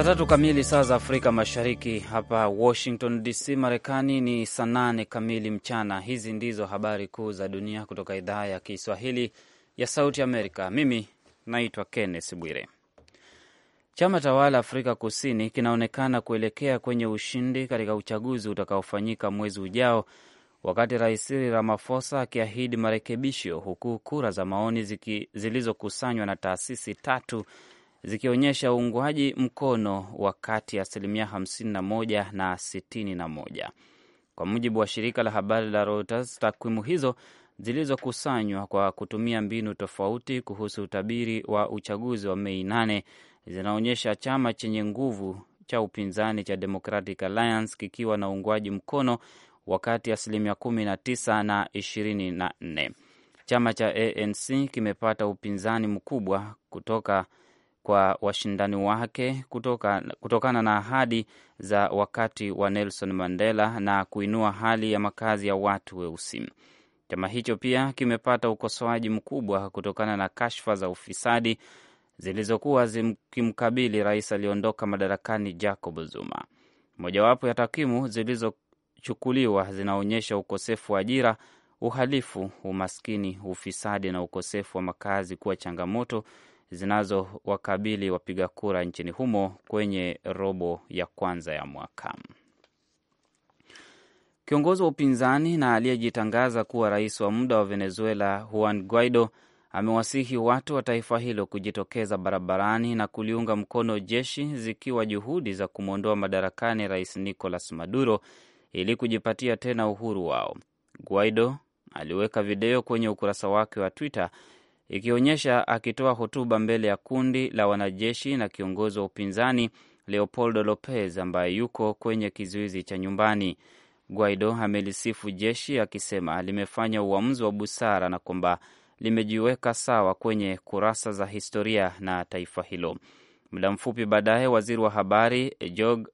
Saa tatu kamili saa za Afrika Mashariki. Hapa Washington DC, Marekani ni saa nane kamili mchana. Hizi ndizo habari kuu za dunia kutoka idhaa ya Kiswahili ya Sauti Amerika. Mimi naitwa Kenneth Bwire. Chama tawala Afrika Kusini kinaonekana kuelekea kwenye ushindi katika uchaguzi utakaofanyika mwezi ujao, wakati Rais Cyril Ramaphosa akiahidi marekebisho, huku kura za maoni zilizokusanywa na taasisi tatu zikionyesha uungwaji mkono wa kati ya asilimia 51 na 61, kwa mujibu wa shirika la habari la Reuters. Takwimu hizo zilizokusanywa kwa kutumia mbinu tofauti kuhusu utabiri wa uchaguzi wa Mei 8 zinaonyesha chama chenye nguvu cha upinzani cha Democratic Alliance kikiwa na uungwaji mkono wa kati ya asilimia 19 na 24. Chama cha ANC kimepata upinzani mkubwa kutoka kwa washindani wake kutoka, kutokana na ahadi za wakati wa Nelson Mandela na kuinua hali ya makazi ya watu weusi. Chama hicho pia kimepata ukosoaji mkubwa kutokana na kashfa za ufisadi zilizokuwa zikimkabili rais aliyeondoka madarakani Jacob Zuma. Mojawapo ya takwimu zilizochukuliwa zinaonyesha ukosefu wa ajira, uhalifu, umaskini, ufisadi na ukosefu wa makazi kuwa changamoto zinazowakabili wapiga kura nchini humo kwenye robo ya kwanza ya mwaka. Kiongozi wa upinzani na aliyejitangaza kuwa rais wa muda wa Venezuela Juan Guaido amewasihi watu wa taifa hilo kujitokeza barabarani na kuliunga mkono jeshi, zikiwa juhudi za kumwondoa madarakani rais Nicolas Maduro ili kujipatia tena uhuru wao. Guaido aliweka video kwenye ukurasa wake wa Twitter ikionyesha akitoa hotuba mbele ya kundi la wanajeshi na kiongozi wa upinzani Leopoldo Lopez ambaye yuko kwenye kizuizi cha nyumbani. Guaido amelisifu jeshi akisema limefanya uamuzi wa busara na kwamba limejiweka sawa kwenye kurasa za historia na taifa hilo. Muda mfupi baadaye, waziri wa habari Jorge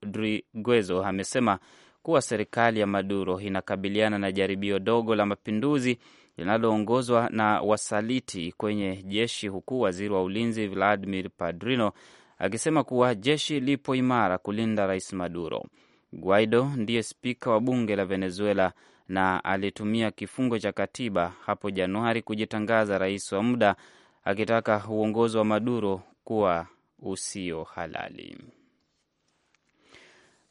Rodriguezo amesema kuwa serikali ya Maduro inakabiliana na jaribio dogo la mapinduzi linaloongozwa na wasaliti kwenye jeshi, huku waziri wa ulinzi Vladimir Padrino akisema kuwa jeshi lipo imara kulinda rais Maduro. Guaido ndiye spika wa bunge la Venezuela na alitumia kifungo cha katiba hapo Januari kujitangaza rais wa muda, akitaka uongozi wa Maduro kuwa usio halali.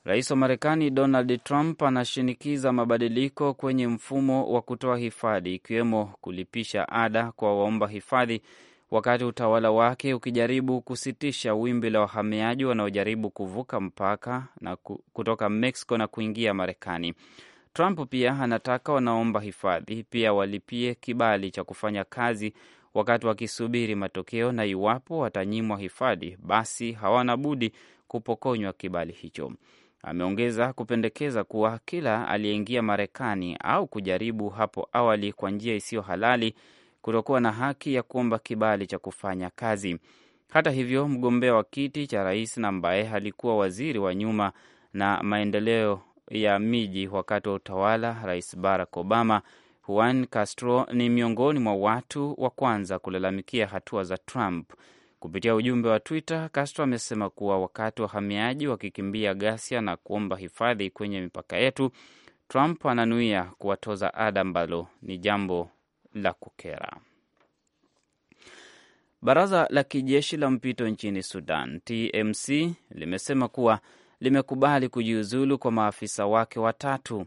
Rais wa Marekani Donald Trump anashinikiza mabadiliko kwenye mfumo wa kutoa hifadhi, ikiwemo kulipisha ada kwa waomba hifadhi, wakati utawala wake ukijaribu kusitisha wimbi la wahamiaji wanaojaribu kuvuka mpaka na kutoka Mexico na kuingia Marekani. Trump pia anataka wanaomba hifadhi pia walipie kibali cha kufanya kazi wakati wakisubiri matokeo, na iwapo watanyimwa hifadhi, basi hawana budi kupokonywa kibali hicho. Ameongeza kupendekeza kuwa kila aliyeingia Marekani au kujaribu hapo awali kwa njia isiyo halali kutokuwa na haki ya kuomba kibali cha kufanya kazi. Hata hivyo, mgombea wa kiti cha rais na ambaye alikuwa waziri wa nyuma na maendeleo ya miji wakati wa utawala Rais Barack Obama, Juan Castro ni miongoni mwa watu wa kwanza kulalamikia hatua za Trump Kupitia ujumbe wa Twitter, Castro amesema kuwa wakati wahamiaji wakikimbia ghasia na kuomba hifadhi kwenye mipaka yetu, Trump ananuia kuwatoza ada ambalo ni jambo la kukera. Baraza la kijeshi la mpito nchini Sudan TMC limesema kuwa limekubali kujiuzulu kwa maafisa wake watatu.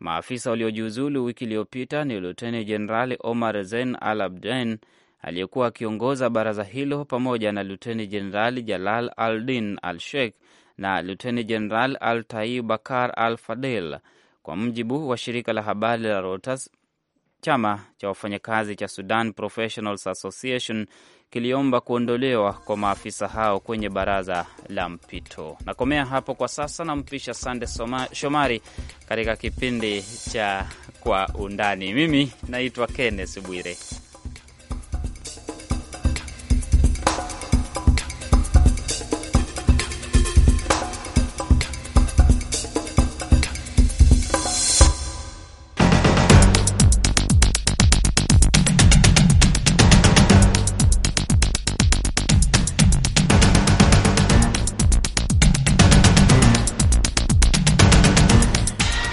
Maafisa waliojiuzulu wiki iliyopita ni Luteni Jenerali Omar Zein Al Abdin aliyekuwa akiongoza baraza hilo pamoja na luteni jenerali Jalal al-Din al-Sheikh na luteni jeneral al-Tai Bakar al-Fadel, kwa mjibu wa shirika la habari la Reuters. Chama cha wafanyakazi cha Sudan Professionals Association kiliomba kuondolewa kwa maafisa hao kwenye baraza la mpito. Nakomea hapo kwa sasa, nampisha Sande Shomari katika kipindi cha Kwa Undani. Mimi naitwa Kenneth Bwire.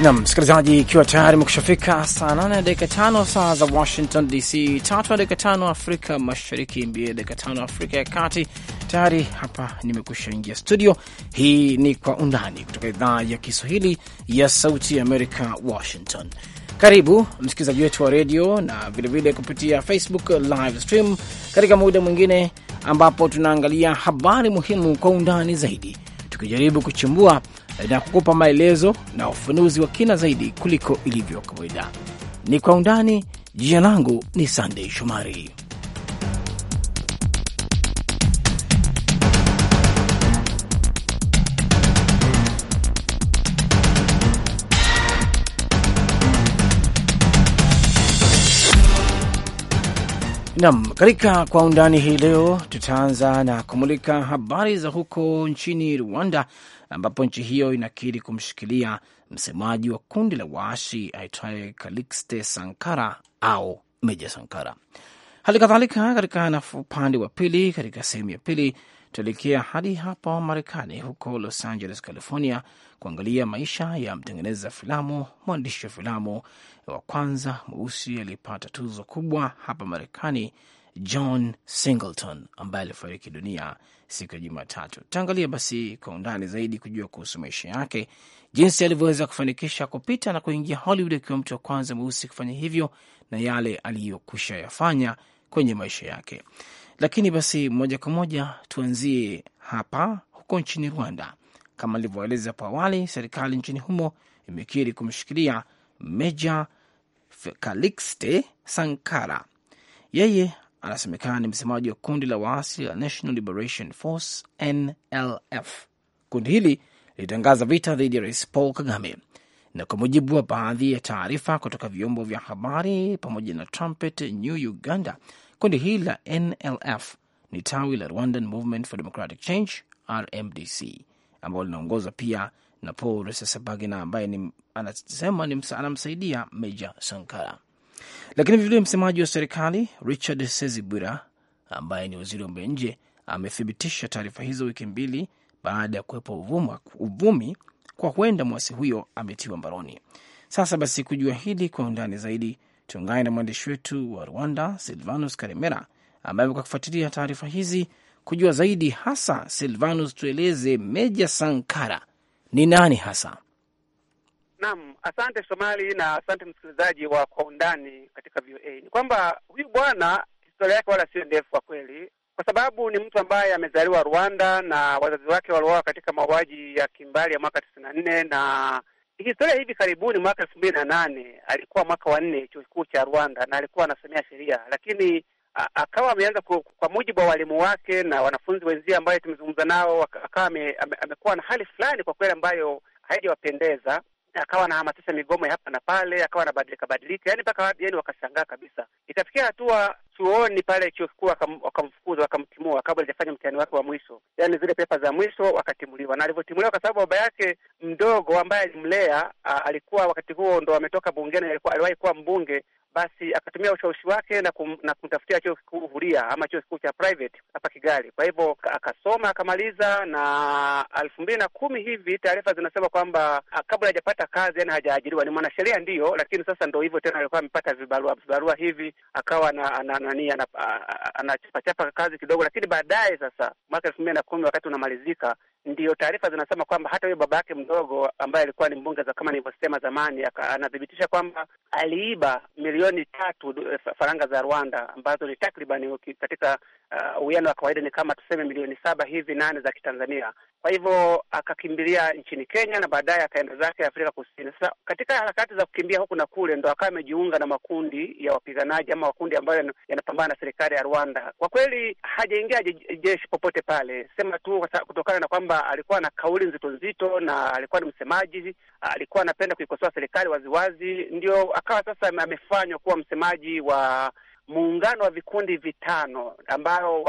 Nam msikilizaji, ikiwa tayari mekushafika saa nane dakika tano saa za Washington DC, tatu na dakika tano Afrika Mashariki, mbili dakika tano Afrika ya Kati. Tayari hapa nimekusha ingia studio. Hii ni Kwa Undani kutoka idhaa ya Kiswahili ya Sauti ya Amerika, Washington. Karibu msikilizaji wetu wa redio na vilevile kupitia Facebook live stream katika muda mwingine ambapo tunaangalia habari muhimu kwa undani zaidi, tukijaribu kuchimbua na kukupa maelezo na ufunuzi wa kina zaidi kuliko ilivyo kawaida. Ni kwa undani. Jina langu ni Sandei Shomari. Nam, katika kwa undani hii leo tutaanza na kumulika habari za huko nchini Rwanda ambapo nchi hiyo inakiri kumshikilia msemaji wa kundi la waasi aitwaye Kalixte Sankara au Meja Sankara. Hali kadhalika katika upande wa pili, katika sehemu ya pili tuelekea hadi hapa Marekani, huko Los Angeles, California, kuangalia maisha ya mtengeneza filamu, mwandishi wa filamu wa kwanza mweusi aliyepata tuzo kubwa hapa Marekani, John Singleton ambaye alifariki dunia siku ya Jumatatu. Taangalia basi kwa undani zaidi kujua kuhusu maisha yake, jinsi alivyoweza kufanikisha kupita na kuingia Hollywood akiwa mtu wa kwanza mweusi kufanya hivyo na yale aliyokwisha yafanya kwenye maisha yake. Lakini basi moja kwa moja tuanzie hapa huko nchini Rwanda. Kama alivyoeleza hapo awali, serikali nchini humo imekiri kumshikilia Meja Kalixte Sankara. Yeye anasemekana ni msemaji wa kundi la waasi la National Liberation Force NLF. Kundi hili lilitangaza vita dhidi ya Rais Paul Kagame, na kwa mujibu wa baadhi ya taarifa kutoka vyombo vya habari pamoja na Trumpet New Uganda, kundi hili la NLF ni tawi la Rwandan Movement for Democratic Change RMDC, ambalo linaongozwa pia na Paul Rusesabagina ambaye anasema anamsaidia Meja Sankara. Lakini vilevile msemaji wa serikali Richard Sezibwira, ambaye ni waziri wa mambo ya nje amethibitisha taarifa hizo wiki mbili baada ya kuwepo uvumi kwa huenda mwasi huyo ametiwa mbaroni. Sasa basi, kujua hili kwa undani zaidi, tuungane na mwandishi wetu wa Rwanda Silvanus Karemera ambaye amekuwa akifuatilia taarifa hizi kujua zaidi. Hasa Silvanus, tueleze Meja Sankara ni nani hasa? Naam, asante Somali na asante msikilizaji wa Kwa Undani katika VOA. Ni kwamba huyu bwana historia yake wala sio ndefu kwa kweli, kwa sababu ni mtu ambaye amezaliwa Rwanda na wazazi wake waliuawa katika mauaji ya kimbali ya mwaka tisini na nne na historia hivi karibuni, mwaka elfu mbili na nane alikuwa mwaka wa nne chuo kikuu cha Rwanda na alikuwa anasomea sheria, lakini akawa ameanza kwa mujibu wa walimu wake na wanafunzi wenzie ambaye tumezungumza nao, akawa amekuwa na hali fulani kwa kweli ambayo haijawapendeza akawa anahamasisha migomo hapa na pale, akawa anabadilika badilika, yani mpaka yani wakashangaa kabisa. Ikafikia hatua chuoni pale chuo kikuu wakamfukuza, wakamtimua kabla hajafanya mtihani wake wa mwisho, yani zile pepa za mwisho wakatimuliwa. Na alivyotimuliwa, kwa sababu baba yake mdogo ambaye alimlea alikuwa wakati huo ndo ametoka bungeni, aliwahi kuwa mbunge, basi akatumia ushawishi wake na, kum, na kumtafutia chuo kikuu huria ama chuo kikuu cha private hapa Kigali. Kwa hivyo akasoma akamaliza, na elfu mbili na kumi hivi taarifa zinasema kwamba ah, kabla hajapata kazi, yani hajaajiriwa, ni mwanasheria ndiyo, lakini sasa ndo hivyo tena, alikuwa amepata vibarua vibarua hivi, akawa nani anachapachapa kazi kidogo, lakini baadaye sasa mwaka elfu mbili na kumi wakati unamalizika ndio taarifa zinasema kwamba hata huyo baba yake mdogo ambaye alikuwa ni mbunge za kama nilivyosema zamani, anathibitisha kwamba aliiba milioni tatu eh, faranga za Rwanda ambazo ni takriban katika ah, uwiano uh, wa kawaida ni kama tuseme milioni saba hivi nane za Kitanzania. Kwa hivyo akakimbilia nchini Kenya na baadaye akaenda zake Afrika Kusini. Sasa katika harakati za kukimbia huku na kule, ndo akawa amejiunga na makundi ya wapiganaji ama makundi ambayo yanapambana na serikali ya Rwanda. Kwa kweli hajaingia jeshi popote pale, sema tu kutokana na kwamba kwamba alikuwa na kauli nzito nzito na alikuwa ni msemaji, alikuwa anapenda kuikosoa serikali waziwazi, ndio akawa sasa amefanywa kuwa msemaji wa muungano wa vikundi vitano ambayo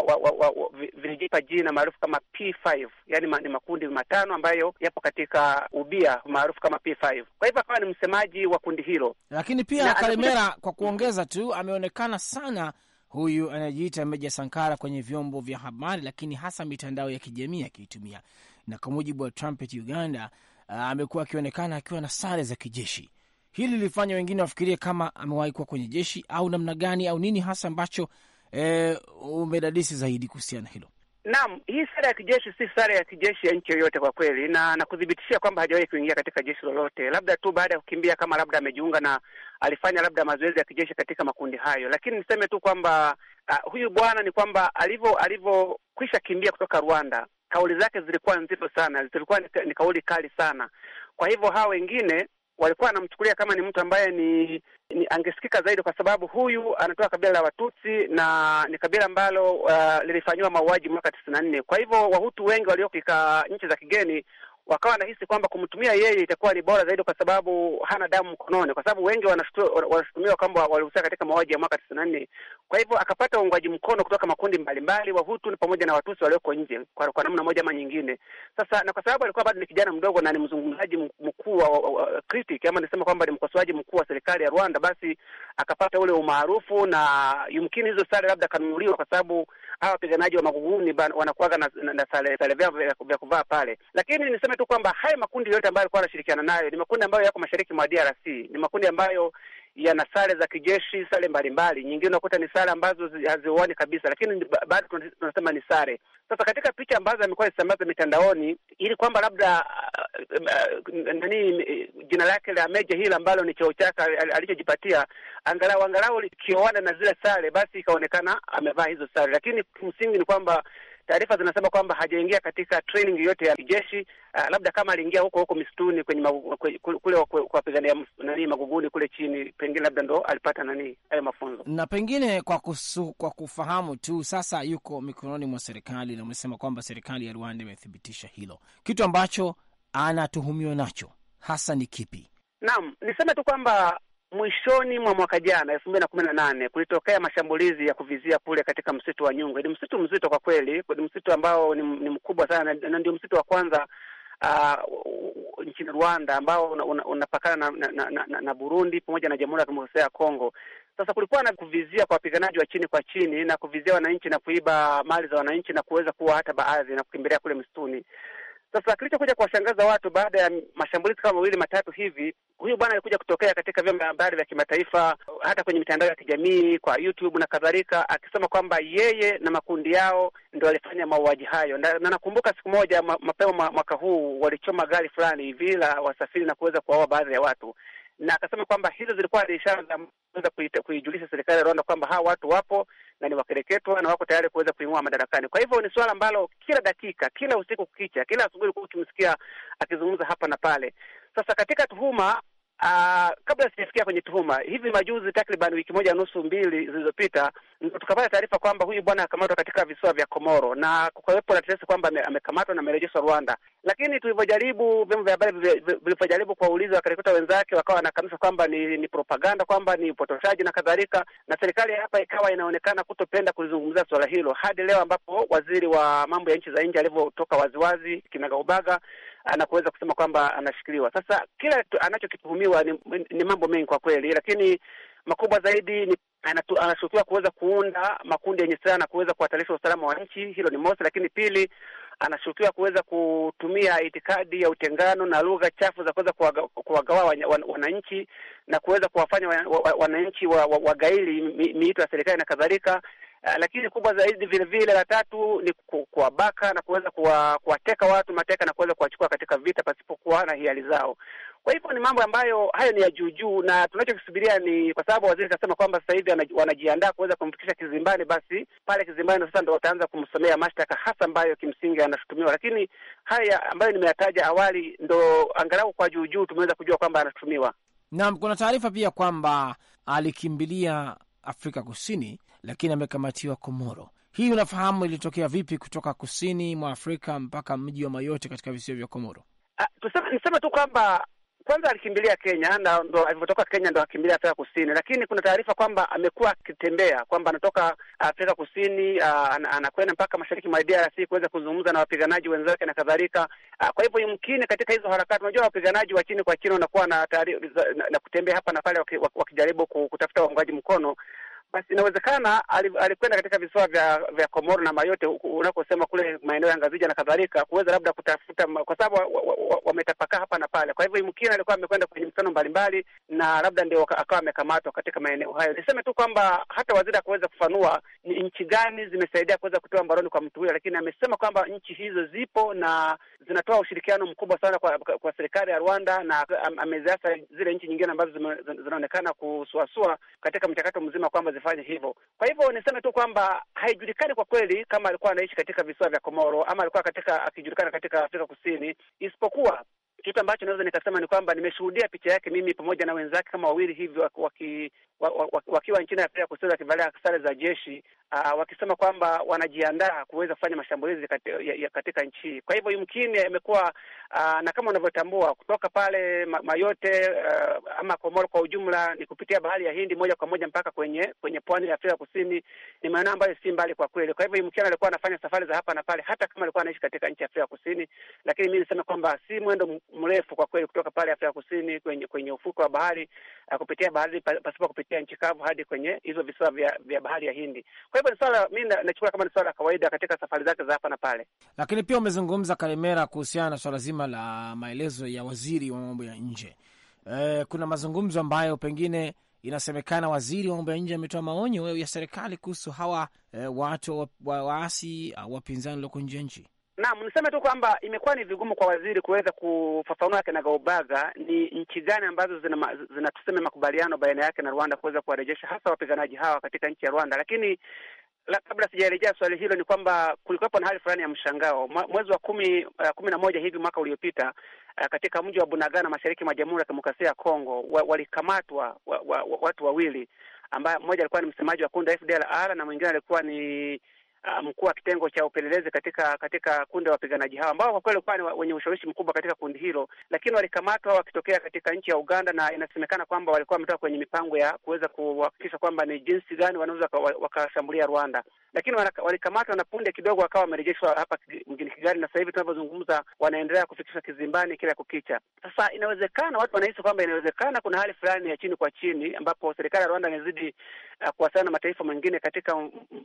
vilijipa jina maarufu kama P5, yaani ma, ni makundi matano ambayo yapo katika ubia maarufu kama P5. Kwa hivyo akawa ni msemaji wa kundi hilo, lakini pia na Kalemera, kwa kuongeza tu, ameonekana sana huyu anajiita Meja Sankara kwenye vyombo vya habari, lakini hasa mitandao ya kijamii akiitumia. Na kwa mujibu wa Trumpet Uganda, ah, amekuwa akionekana akiwa na sare za kijeshi. Hili lilifanya wengine wafikirie kama amewahi kuwa kwenye jeshi au namna gani, au nini hasa ambacho e, umedadisi zaidi kuhusiana hilo? Naam, hii sare ya kijeshi si sare ya kijeshi ya nchi yoyote kwa kweli, na nakuthibitishia kwamba hajawahi kuingia katika jeshi lolote, labda tu baada ya kukimbia, kama labda amejiunga na alifanya labda mazoezi ya kijeshi katika makundi hayo, lakini niseme tu kwamba uh, huyu bwana ni kwamba alivyo alivyokwisha kimbia kutoka Rwanda, kauli zake zilikuwa nzito sana, zilikuwa ni kauli kali sana. Kwa hivyo hawa wengine walikuwa wanamchukulia kama ni mtu ambaye ni, ni angesikika zaidi, kwa sababu huyu anatoka kabila la Watutsi na ni kabila ambalo uh, lilifanyiwa mauaji mwaka tisini na nne. Kwa hivyo Wahutu wengi walioko katika nchi za kigeni wakawa nahisi kwamba kumtumia yeye itakuwa ni bora zaidi, kwa sababu hana damu mkononi, kwa sababu wengi wanashutumiwa kwamba walihusika katika mauaji ya mwaka tisini na nne. Kwa hivyo akapata uungwaji mkono kutoka makundi mbalimbali, Wahutu pamoja na Watusi walioko nje kwa, kwa namna moja ama nyingine. Sasa na kwa sababu alikuwa bado ni kijana mdogo na ni mzungumzaji mkuu wa critic ama nisema kwamba ni mkosoaji mkuu wa serikali ya Rwanda, basi akapata ule umaarufu na yumkini hizo sare labda akanunuliwa, kwa sababu hawa wapiganaji wa maguguni wanakuwaga na, na, na sale, sale vyao vya kuvaa pale. Lakini niseme tu kwamba haya makundi yote ambayo alikuwa anashirikiana nayo ni makundi ambayo yako mashariki mwa DRC, ni makundi ambayo yana sare za kijeshi, sare mbalimbali, nyingine unakuta ni sare ambazo hazioani kabisa, lakini bado tunasema ni sare. Sasa katika picha ambazo amekuwa zisambaza mitandaoni, ili kwamba labda eh, eh, nani jina lake la Meja hili ambalo ni cheo chake alichojipatia angalau angalau likioana na zile sare, basi ikaonekana amevaa hizo sare, lakini kimsingi ni kwamba taarifa zinasema kwamba hajaingia katika training yoyote ya kijeshi. Uh, labda kama aliingia huko huko misituni kwenye magu, kule, kule kuwapigania nani maguguni kule chini, pengine labda ndo alipata nani hayo mafunzo. Na pengine kwa kusu, kwa kufahamu tu sasa yuko mikononi mwa serikali, na umesema kwamba serikali ya Rwanda imethibitisha hilo, kitu ambacho anatuhumiwa nacho hasa ni kipi? Naam, niseme tu kwamba mwishoni mwa mwaka jana elfu mbili na kumi na nane kulitokea mashambulizi ya kuvizia kule katika msitu wa Nyungwe. Ni msitu mzito kwa kweli, ni msitu ambao ni, ni mkubwa sana na ndio msitu wa kwanza uh, nchini Rwanda ambao unapakana una, una na, na, na, na Burundi pamoja na Jamhuri ya Kidemokrasia ya Kongo. Sasa kulikuwa na kuvizia kwa wapiganaji wa chini kwa chini na kuvizia wananchi na kuiba mali za wananchi na kuweza kuwa hata baadhi na kukimbilia kule msituni. Sasa kilichokuja kuwashangaza watu baada ya mashambulizi kama mawili matatu hivi, huyu bwana alikuja kutokea katika vyombo vya habari vya kimataifa, hata kwenye mitandao ya kijamii kwa YouTube na kadhalika, akisema kwamba yeye na makundi yao ndio walifanya mauaji hayo. Na, na nakumbuka siku moja ma, mapema mwaka huu walichoma gari fulani hivi la wasafiri na kuweza kuwaua baadhi ya watu na akasema kwamba hizo zilikuwa ni ishara za kuweza kuijulisha serikali ya Rwanda kwamba hawa watu wapo na ni wakereketwa na wako tayari kuweza kuing'oa madarakani. Kwa hivyo ni suala ambalo kila dakika, kila usiku kukicha, kila asubuhi ulikuwa ukimsikia akizungumza hapa na pale. Sasa katika tuhuma Ah, kabla sijafikia kwenye tuhuma, hivi majuzi, takriban wiki moja nusu mbili zilizopita, tukapata taarifa kwamba huyu bwana akamatwa katika visiwa vya Komoro na kukawepo na tetesi kwamba amekamatwa na amerejeshwa Rwanda, lakini tulivyojaribu, vyombo vya habari vilivyojaribu kuwauliza wakarikuta wenzake, wakawa wanakanusha kwamba ni, ni propaganda, kwamba ni upotoshaji na kadhalika, na serikali hapa ikawa inaonekana kutopenda kulizungumzia swala hilo hadi leo ambapo waziri wa mambo ya nchi za nje alivyotoka waziwazi kinagaubaga anapoweza kusema kwamba anashikiliwa. Sasa kila anachokituhumiwa ni, ni mambo mengi kwa kweli, lakini makubwa zaidi ni anashukiwa kuweza kuunda makundi yenye silaha na kuweza kuhatarisha usalama wa nchi. Hilo ni mosi, lakini pili, anashukiwa kuweza kutumia itikadi ya utengano na lugha chafu za kuweza kuwagawa wananchi na kuweza kuwafanya wananchi wagaili miito ya serikali na kadhalika. Eh, lakini kubwa zaidi vile vile la tatu ni kuwabaka na kuweza kuwateka watu mateka na kuweza kuwachukua katika vita pasipokuwa na hiali zao. Kwa hivyo ni mambo ambayo hayo ni ya juu juu, na tunachokisubiria ni kwa sababu waziri kasema kwamba sasa hivi wanajiandaa kuweza kumfikisha kizimbani. Basi pale kizimbani sasa ndo wataanza kumsomea mashtaka hasa ambayo kimsingi anashutumiwa, lakini haya ambayo nimeyataja awali ndo angalau kwa juu juu tumeweza kujua kwamba anashutumiwa. Naam, kuna taarifa pia kwamba alikimbilia Afrika Kusini lakini amekamatiwa Komoro. Hii unafahamu ilitokea vipi kutoka kusini mwa Afrika mpaka mji wa Mayote katika visiwa vya Komoro? Ah, niseme tu kwamba kwanza alikimbilia Kenya na ndo alivyotoka Kenya ndo akimbilia Afrika Kusini, lakini kuna taarifa kwamba amekuwa akitembea kwamba anatoka Afrika Kusini ah, anakwenda mpaka mashariki mwa DRC kuweza kuzungumza na wapiganaji wenzake na kadhalika. Ah, kwa hivyo yumkini katika hizo harakati, unajua wapiganaji wa chini kwa chini wanakuwa na, na, na kutembea hapa na pale wakijaribu waki kutafuta waungaji mkono basi inawezekana alikwenda katika visiwa vya vya Komoro na Mayote, unakosema kule maeneo ya Ngazija na kadhalika, kuweza labda kutafuta, kwa sababu wametapakaa wa, wa, wa hapa na pale. Kwa hivyo imkina alikuwa amekwenda kwenye mikutano mbalimbali na labda ndio akawa amekamatwa katika maeneo hayo. Niseme tu kwamba hata waziri akuweza kufanua ni nchi gani zimesaidia kuweza kutoa mbaroni kwa mtu huyo, lakini amesema kwamba nchi hizo zipo na zinatoa ushirikiano mkubwa sana kwa, kwa serikali ya Rwanda na ameziasa zile nchi nyingine ambazo zinaonekana kusuasua katika mchakato mzima kwamba amefanya hivyo. Kwa hivyo niseme tu kwamba haijulikani kwa kweli kama alikuwa anaishi katika visiwa vya Komoro ama alikuwa katika akijulikana katika Afrika Kusini, isipokuwa kitu ambacho naweza nikasema ni kwamba nimeshuhudia picha yake mimi pamoja na wenzake kama wawili hivi wakiwa nchini ya Kusini wakivalia sare za jeshi uh, wakisema kwamba wanajiandaa kuweza kufanya mashambulizi katika, ya, ya katika nchi. Kwa hivyo yumkini amekuwa uh, na kama unavyotambua kutoka pale Mayote uh, ah, ama Komoro kwa ujumla ni kupitia bahari ya Hindi moja kwa moja mpaka kwenye kwenye pwani ya Afrika Kusini, ni maeneo ambayo si mbali kwa kweli. Kwa hivyo yumkini alikuwa anafanya safari za hapa na pale, hata kama alikuwa anaishi katika nchi ya Afrika Kusini, lakini mi niseme kwamba si mwendo mrefu kwa kweli kutoka pale Afrika Kusini kwenye kwenye ufuko wa bahari uh, kupitia bahari pasipo kupitia nchi kavu hadi kwenye hizo visiwa vya, vya bahari ya Hindi. Kwa hivyo ni swala mi nachukua kama ni swala la kawaida katika safari zake za hapa na pale. Lakini pia umezungumza Kalemera kuhusiana na swala zima la maelezo ya waziri wa mambo ya nje eh, kuna mazungumzo ambayo pengine inasemekana waziri wa mambo ya nje ametoa maonyo ya serikali kuhusu hawa eh, watu waasi wapinzani walioko nje ya nchi. Naam, niseme tu kwamba imekuwa ni vigumu kwa waziri kuweza kufafanua kinagaubaga ni nchi gani ambazo zina, zina tuseme makubaliano baina yake na Rwanda kuweza kuwarejesha hasa wapiganaji hawa katika nchi ya Rwanda, lakini la, kabla sijarejea swali hilo ni kwamba kulikuwepo na hali fulani ya mshangao mwezi wa kumi, uh, kumi na moja hivi mwaka uliopita uh, katika mji wa Bunagana mashariki mwa Jamhuri ya Kidemokrasia ya Kongo walikamatwa wa, wa, wa, watu wawili ambaye mmoja alikuwa ni msemaji wa kundi la FDLR na mwingine alikuwa ni Uh, mkuu wa kitengo cha upelelezi katika katika kundi la wapiganaji hao ambao kwa kweli ni wenye ushawishi mkubwa katika kundi hilo, lakini walikamatwa wakitokea katika nchi ya Uganda, na inasemekana kwamba walikuwa wametoka kwenye mipango ya kuweza kuhakikisha kwamba ni jinsi gani wanaweza wakashambulia Rwanda lakini walikamatwa na punde kidogo wakawa wamerejeshwa hapa mjini Kigali, na sasa hivi tunavyozungumza wanaendelea kufikishwa kizimbani kila kukicha. Sasa inawezekana watu wanahisi kwamba inawezekana kuna hali fulani ya chini kwa chini ambapo serikali ya Rwanda imezidi uh, kuwasiliana na mataifa mengine katika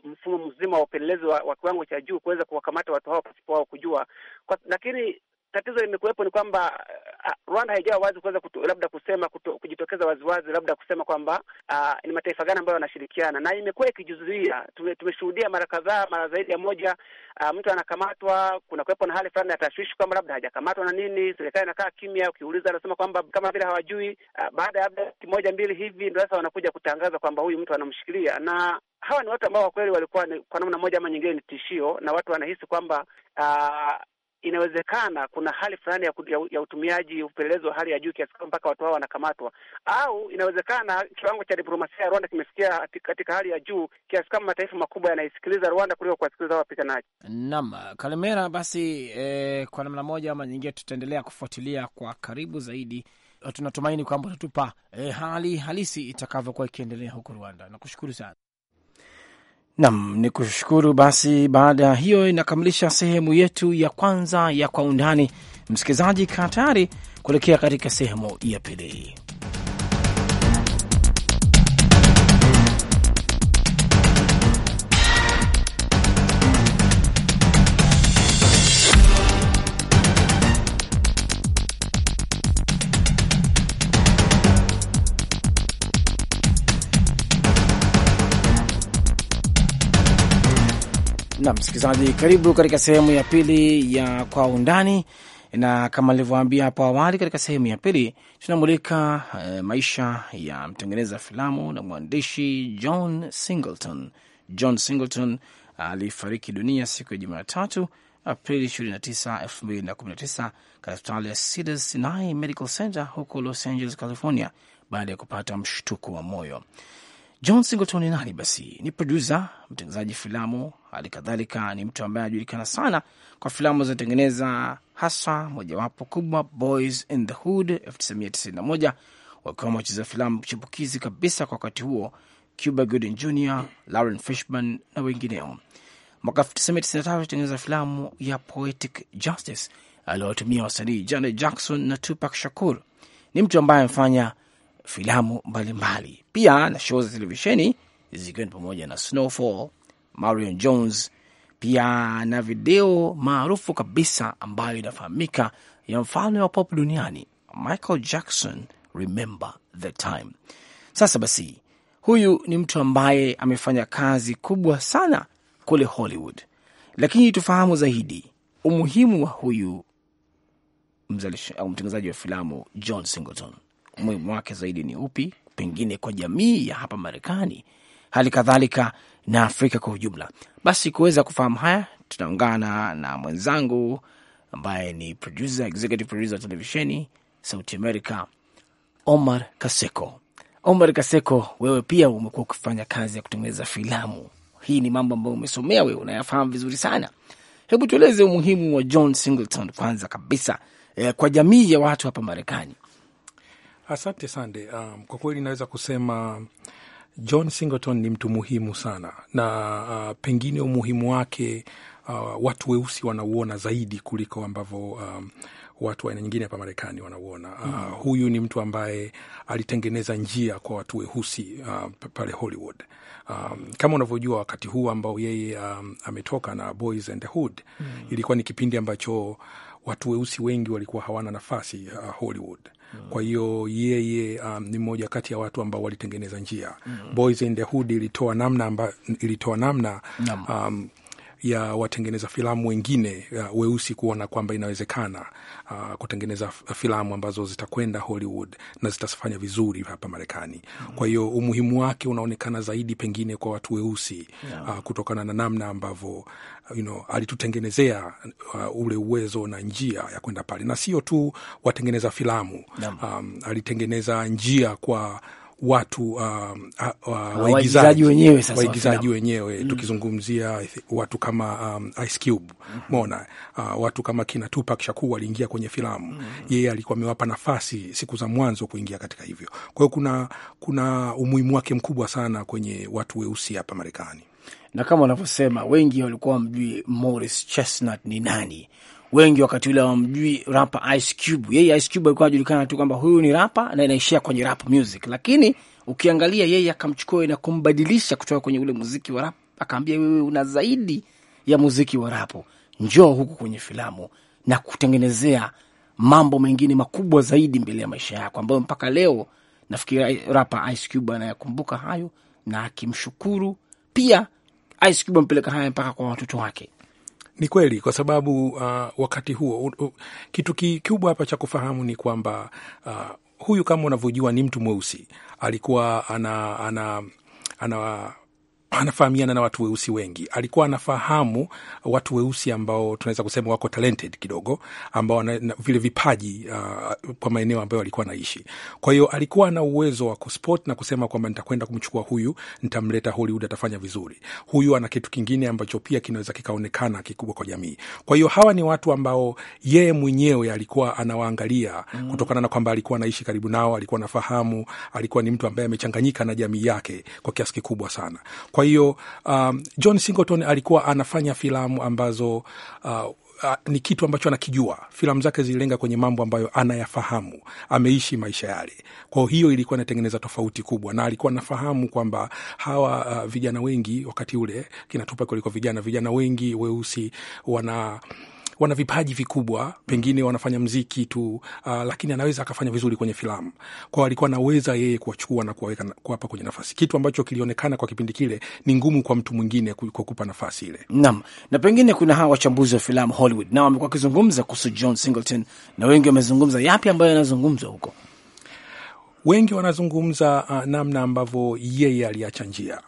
mfumo mzima wa upelelezi wa, wa kiwango cha juu kuweza kuwakamata watu hao pasipo wao kujua kwa, lakini tatizo limekuwepo ni kwamba uh, uh Rwanda haijawa wazi kuweza labda kusema kuto, kujitokeza waziwazi labda kusema kwamba uh, ni mataifa gani ambayo wanashirikiana na imekuwa ikijizuia. Tumeshuhudia tume mara kadhaa, mara zaidi ya moja, uh, mtu anakamatwa, kuna kuwepo na hali fulani ya tashwishi kwamba labda hajakamatwa na nini. Serikali inakaa kimya, ukiuliza anasema kwamba kama vile hawajui. Uh, baada ya labda wiki moja mbili hivi ndio sasa wanakuja kutangaza kwamba huyu mtu anamshikilia na hawa ni watu ambao kwa kweli walikuwa ni, kwa namna moja ama nyingine ni tishio, na watu wanahisi kwamba uh, inawezekana kuna hali fulani ya, ya utumiaji upelelezi wa hali ya juu kiasi mpaka watu hao wanakamatwa, au inawezekana kiwango cha diplomasia ya Rwanda kimefikia katika hali ya juu kiasi kama mataifa makubwa yanaisikiliza Rwanda kuliko kuwasikiliza hao wapiganaji. Naam, Kalemera, basi eh, kwa namna moja ama nyingine tutaendelea kufuatilia kwa karibu zaidi. Tunatumaini kwamba utatupa eh, hali halisi itakavyokuwa ikiendelea huko Rwanda. Nakushukuru sana. Nam ni kushukuru basi. Baada ya hiyo, inakamilisha sehemu yetu ya kwanza ya kwa undani. Msikilizaji, kaa tayari kuelekea katika sehemu ya pili. msikilizaji, karibu katika sehemu ya pili ya Kwa Undani, na kama nilivyoambia hapo awali, katika sehemu ya pili tunamulika e, maisha ya mtengeneza filamu na mwandishi John Singleton. John Singleton alifariki dunia siku ya Jumatatu, Aprili 29, 2019 katika hospitali ya Cedars Sinai Medical Center huko Los Angeles, California, baada ya kupata mshtuko wa moyo. John Singleton ni nani basi? Ni produsa, mtengenezaji filamu, Hali kadhalika ni mtu ambaye anajulikana sana kwa filamu zinatengeneza hasa mojawapo kubwa Boys in the Hood 1991 wakiwa wacheza filamu chipukizi kabisa kwa wakati huo, Cuba Gooding Jr, Lauren Fishman na wengineo. Mwaka 1993 alitengeneza filamu ya Poetic Justice aliyowatumia wasanii Janet Jackson na Tupac Shakur. Ni mtu ambaye amefanya filamu mbalimbali mbali, pia na show za televisheni zikiwa ni pamoja na Snowfall Marion Jones, pia na video maarufu kabisa ambayo inafahamika ya mfalme wa pop duniani Michael Jackson, Remember the Time. Sasa basi, huyu ni mtu ambaye amefanya kazi kubwa sana kule Hollywood, lakini tufahamu zaidi umuhimu wa huyu mtengenezaji wa filamu John Singleton. Umuhimu wake zaidi ni upi, pengine kwa jamii ya hapa Marekani hali kadhalika na Afrika kwa ujumla. Basi kuweza kufahamu haya, tunaungana na mwenzangu ambaye ni producer, executive producer wa televisheni Sauti America, Omar Kaseko. Omar Kaseko, wewe pia umekuwa ukifanya kazi ya kutengeneza filamu. Hii ni mambo ambayo umesomea wewe, unayafahamu vizuri sana. Hebu tueleze umuhimu wa John Singleton kwanza kabisa, eh, kwa jamii ya watu hapa Marekani. Asante sande. Um, kwa kweli naweza kusema John Singleton ni mtu muhimu sana na uh, pengine umuhimu wake uh, watu weusi wanauona zaidi kuliko ambavyo um, watu wa aina nyingine hapa Marekani wanauona. Uh, mm. Huyu ni mtu ambaye alitengeneza njia kwa watu weusi uh, pale Hollywood. Um, kama unavyojua wakati huu ambao yeye um, ametoka na Boys and the Hood mm. Ilikuwa ni kipindi ambacho watu weusi wengi walikuwa hawana nafasi uh, Hollywood Mm. Kwa hiyo yeye um, ni mmoja kati ya watu ambao walitengeneza njia. Mm. Boys in the Hood ilitoa namna, amba, ilitoa namna um, ya watengeneza filamu wengine uh, weusi kuona kwamba inawezekana uh, kutengeneza filamu ambazo zitakwenda Hollywood na zitafanya vizuri hapa Marekani. mm -hmm. Kwa hiyo umuhimu wake unaonekana zaidi pengine kwa watu weusi yeah. uh, kutokana na namna ambavyo you know, alitutengenezea uh, ule uwezo na njia ya kwenda pale, na sio tu watengeneza filamu yeah. um, alitengeneza njia kwa watu um, ah, waigizaji wenyewe, waigizaji wenyewe mm. tukizungumzia watu kama um, Ice Cube mona mm-hmm. uh, ah, watu kama kina Tupac Shakur waliingia kwenye filamu mm -hmm. Yeye alikuwa amewapa nafasi siku za mwanzo kuingia katika hivyo. Kwa hiyo kuna, kuna umuhimu wake mkubwa sana kwenye watu weusi hapa Marekani, na kama wanavyosema wengi walikuwa wamjui Morris Chestnut ni nani wengi wakati ule wamjui rapa Ice Cube. Yeye Ice Cube alikuwa anajulikana tu kwamba huyu ni rapa na inaishia kwenye rap music, lakini ukiangalia yeye akamchukua na kumbadilisha kutoka kwenye ule muziki wa rap, akaambia wewe una zaidi ya muziki wa rap njoo huku kwenye filamu na kutengenezea mambo mengine makubwa zaidi mbele ya maisha yako, ambayo mpaka leo nafikiri rapa Ice Cube anayakumbuka hayo na akimshukuru pia. Ice Cube amepeleka haya mpaka kwa watoto wake ni kweli kwa sababu uh, wakati huo uh, kitu kikubwa hapa cha kufahamu ni kwamba uh, huyu kama unavyojua ni mtu mweusi, alikuwa ana, ana, ana anafahamiana na watu weusi wengi. Alikuwa anafahamu watu weusi ambao tunaweza kusema wako talented kidogo, ambao na vile vipaji uh, kwa maeneo ambayo alikuwa anaishi. Kwa hiyo alikuwa na uwezo wa kuspot na kusema kwamba nitakwenda kumchukua huyu, nitamleta Hollywood, atafanya vizuri. Huyu ana kitu kingine ambacho pia kinaweza kikaonekana kikubwa kwa jamii. Kwa hiyo hawa ni watu ambao yeye mwenyewe alikuwa anawaangalia mm, kutokana na kwamba alikuwa anaishi karibu nao, alikuwa anafahamu, alikuwa ni mtu ambaye amechanganyika na jamii yake kwa kiasi kikubwa sana kwa kwa hiyo um, John Singleton alikuwa anafanya filamu ambazo uh, Uh, ni kitu ambacho anakijua. Filamu zake zililenga kwenye mambo ambayo anayafahamu, ameishi maisha yale. Kwa hiyo ilikuwa inatengeneza tofauti kubwa, na alikuwa anafahamu kwamba hawa uh, vijana wengi wakati ule kinatupa kuliko vijana vijana wengi weusi wana wana vipaji vikubwa, pengine wanafanya mziki tu uh, lakini anaweza akafanya vizuri kwenye filamu kwao. Alikuwa anaweza yeye kuwachukua na kuwaweka kuwapa kwenye nafasi, kitu ambacho kilionekana kwa kipindi kile ni ngumu kwa mtu mwingine kukupa nafasi ile. Naam, na pengine kuna hawa wachambuzi wa filamu Hollywood nao wamekuwa wakizungumza kuhusu John Singleton, na wengi wamezungumza yapi ambayo yanazungumzwa huko wengi wanazungumza uh, namna ambavyo yeye aliacha njia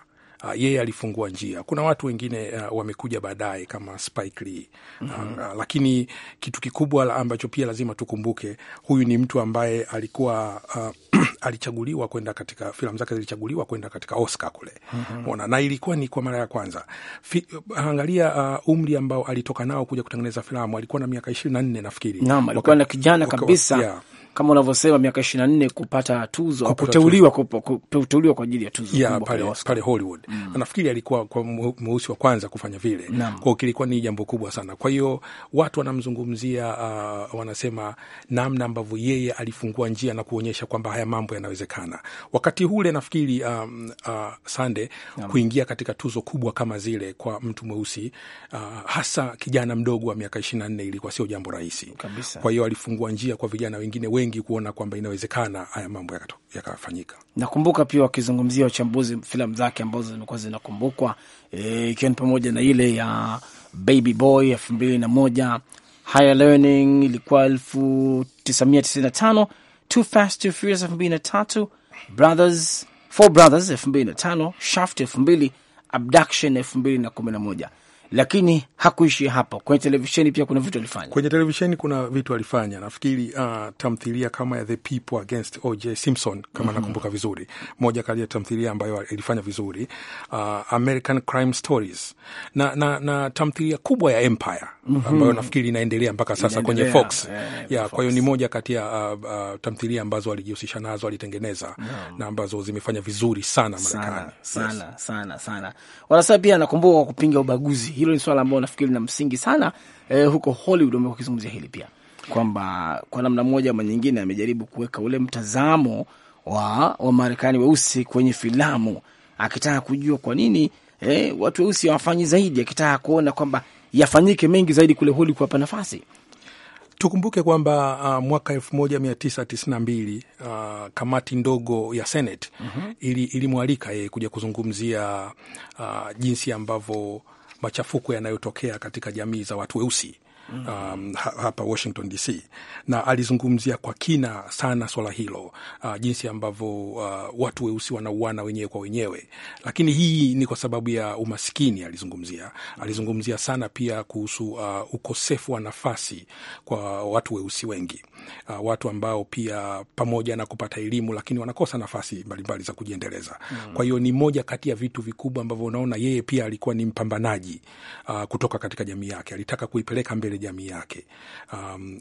uh, yeye alifungua njia. Kuna watu wengine uh, wamekuja baadaye kama Spike Lee mm -hmm. uh, lakini kitu kikubwa ambacho pia lazima tukumbuke, huyu ni mtu ambaye alikuwa uh, alichaguliwa kwenda katika filamu zake zilichaguliwa kwenda katika Oscar kule mm -hmm. na ilikuwa ni kwa mara ya kwanza Fi, angalia uh, umri ambao alitoka nao kuja kutengeneza filamu, alikuwa na miaka ishirini na nne nafikiri, alikuwa na kijana kabisa waka, yeah kama unavyosema miaka ishirini na nne kupata tuzo kwa kuteuliwa, kuteuliwa kwa ajili ya tuzo yeah, pale, pale Hollywood mm. Nafikiri alikuwa kwa mweusi wa kwanza kufanya vile mm. Kwao kilikuwa ni jambo kubwa sana. Kwa hiyo watu wanamzungumzia uh, wanasema namna ambavyo yeye alifungua njia na kuonyesha kwamba haya mambo yanawezekana wakati hule, nafikiri um, uh, Sande Nam. kuingia katika tuzo kubwa kama zile kwa mtu mweusi uh, hasa kijana mdogo wa miaka ishirini na nne ilikuwa sio jambo rahisi. Kwa hiyo alifungua njia kwa vijana wengine we wengi kuona kwamba inawezekana haya mambo yakafanyika. Nakumbuka pia wakizungumzia wachambuzi filamu zake ambazo zimekuwa zinakumbukwa e, ikiwa e, ni pamoja na ile ya Baby Boy elfu mbili na moja, Higher Learning ilikuwa elfu tisa mia tisini na tano, Too Fast Too Furious elfu mbili na tatu, Brothers Four Brothers elfu mbili na tano, Shaft elfu mbili, Abduction elfu mbili na kumi na moja lakini hakuishia hapo. Kwenye televisheni pia kuna vitu alifanya. Kwenye televisheni kuna vitu alifanya, nafikiri uh, tamthilia kama ya The People Against O.J. Simpson kama mm -hmm. nakumbuka vizuri, moja kati ya tamthilia ambayo ilifanya vizuri uh, American Crime Stories na, na, na tamthilia kubwa ya Empire mm -hmm. ambayo nafikiri inaendelea mpaka sasa inaendelea kwenye Fox eh, yeah, yeah, yeah, Fox. Kwa hiyo ni moja kati ya uh, uh, tamthilia ambazo alijihusisha nazo, alitengeneza yeah. na ambazo zimefanya vizuri sana Marekani sana, yes. sana, sana, sana. Wanasema pia anakumbuka kwa kupinga ubaguzi hilo ni swala ambalo nafikiri na msingi sana eh, huko Hollywood wamekuwa wakizungumzia hili pia kwamba kwa namna moja ama nyingine amejaribu kuweka ule mtazamo wa Wamarekani weusi kwenye filamu, akitaka kujua kwa nini eh, watu weusi hawafanyi zaidi, akitaka kuona kwamba yafanyike mengi zaidi kule Hollywood kuwapa nafasi. Tukumbuke kwamba uh, mwaka mbili uh, kamati ndogo ya Senate mm -hmm. ilimwalika ili yeye kuja kuzungumzia uh, jinsi ambavyo machafuko yanayotokea katika jamii za watu weusi um, hapa Washington DC, na alizungumzia kwa kina sana swala hilo, uh, jinsi ambavyo uh, watu weusi wanauana wenyewe kwa wenyewe, lakini hii ni kwa sababu ya umaskini. Alizungumzia alizungumzia sana pia kuhusu uh, ukosefu wa nafasi kwa watu weusi wengi, uh, watu ambao pia pamoja na kupata elimu, lakini wanakosa nafasi mbalimbali za kujiendeleza. Mm. Kwa hiyo ni moja kati ya vitu vikubwa ambavyo unaona yeye pia alikuwa ni mpambanaji uh, kutoka katika jamii yake, alitaka kuipeleka mbele jamii yake. Um,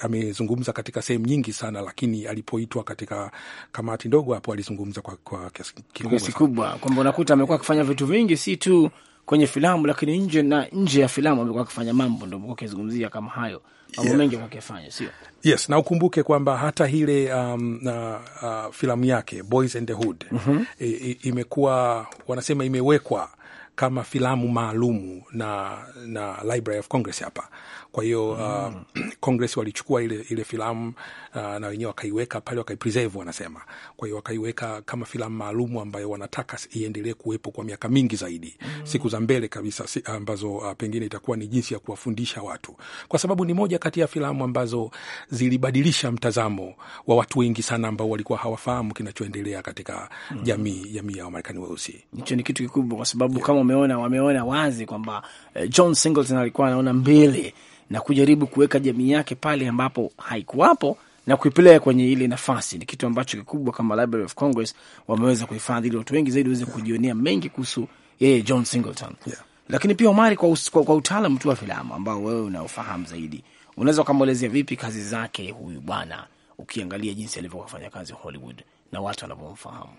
amezungumza katika sehemu nyingi sana, lakini alipoitwa katika kamati ndogo hapo alizungumza kwa, kwa kiasi kubwa kwamba unakuta amekuwa akifanya vitu vingi si tu kwenye filamu lakini nje na nje ya filamu amekuwa akifanya mambo, ndo mekuwa akizungumzia kama hayo mambo yeah, mengi akifanya sio? Yes, na ukumbuke kwamba hata ile um, uh, uh, filamu yake Boys and the Hood mm -hmm. imekuwa wanasema imewekwa kama filamu maalumu na, na Library of Congress hapa kwa hiyo mm. uh, Congress walichukua ile, ile filamu uh, na wenyewe wakaiweka pale, wakaipreserve wanasema. Kwa hiyo wakaiweka kama filamu maalumu ambayo wanataka iendelee kuwepo kwa miaka mingi zaidi, mm. siku za mbele kabisa si, ambazo uh, pengine itakuwa ni jinsi ya kuwafundisha watu, kwa sababu ni moja kati ya filamu ambazo zilibadilisha mtazamo wa watu wengi sana ambao walikuwa hawafahamu kinachoendelea katika mm. jamii mm. jamii ya Wamarekani weusi. Hicho ni kitu kikubwa, kwa sababu yeah, kama umeona wameona wazi kwamba eh, John Singleton alikuwa anaona mbele na kujaribu kuweka jamii yake pale ambapo haikuwapo na kuipeleka kwenye ile nafasi. Ni kitu ambacho kikubwa kama Library of Congress wameweza kuhifadhi ili watu wengi zaidi waweze kujionea mengi kuhusu yeye John Singleton yeah. Lakini pia Omari, kwa, kwa, kwa utaalamu tu wa filamu ambao wewe unaofahamu zaidi, unaweza ukamwelezea vipi kazi zake huyu bwana, ukiangalia jinsi alivyofanya kazi Hollywood na watu wanavyomfahamu?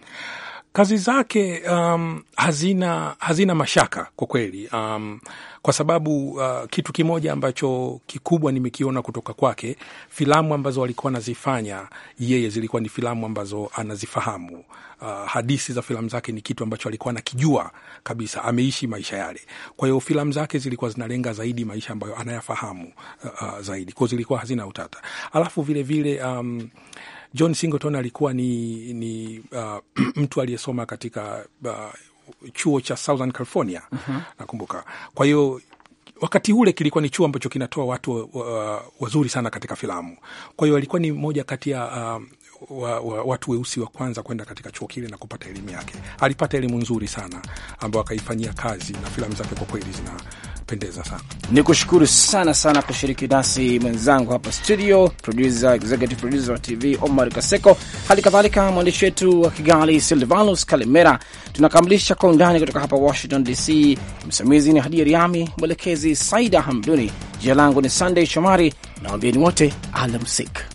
kazi zake um, hazina hazina mashaka kwa kweli um, kwa sababu uh, kitu kimoja ambacho kikubwa nimekiona kutoka kwake, filamu ambazo alikuwa anazifanya yeye zilikuwa ni filamu ambazo anazifahamu. Uh, hadithi za filamu zake ni kitu ambacho alikuwa anakijua kabisa, ameishi maisha yale. Kwa hiyo filamu zake zilikuwa zinalenga zaidi maisha ambayo anayafahamu uh, uh, zaidi kwao, zilikuwa hazina utata. Alafu vilevile vile, um, John Singleton alikuwa ni, ni uh, mtu aliyesoma katika uh, chuo cha Southern California uh -huh. Nakumbuka. Kwa hiyo wakati ule kilikuwa ni chuo ambacho kinatoa watu uh, wazuri sana katika filamu. Kwa hiyo alikuwa ni moja kati ya uh, wa, wa, watu weusi wa kwanza kwenda katika chuo kile na kupata elimu yake. Alipata elimu nzuri sana ambayo akaifanyia kazi na filamu zake kwa kweli zina kupendeza sana. Ni kushukuru sana sana kushiriki nasi mwenzangu hapa studio, producer, executive producer wa TV Omar Kaseko, hali kadhalika mwandishi wetu wa Kigali Silvanus Kalimera. Tunakamilisha kwa undani kutoka hapa Washington DC. Msimamizi ni Hadia Riami, mwelekezi Saida Hamduni. Jina langu ni Sunday Shomari na wambieni wote alamsik.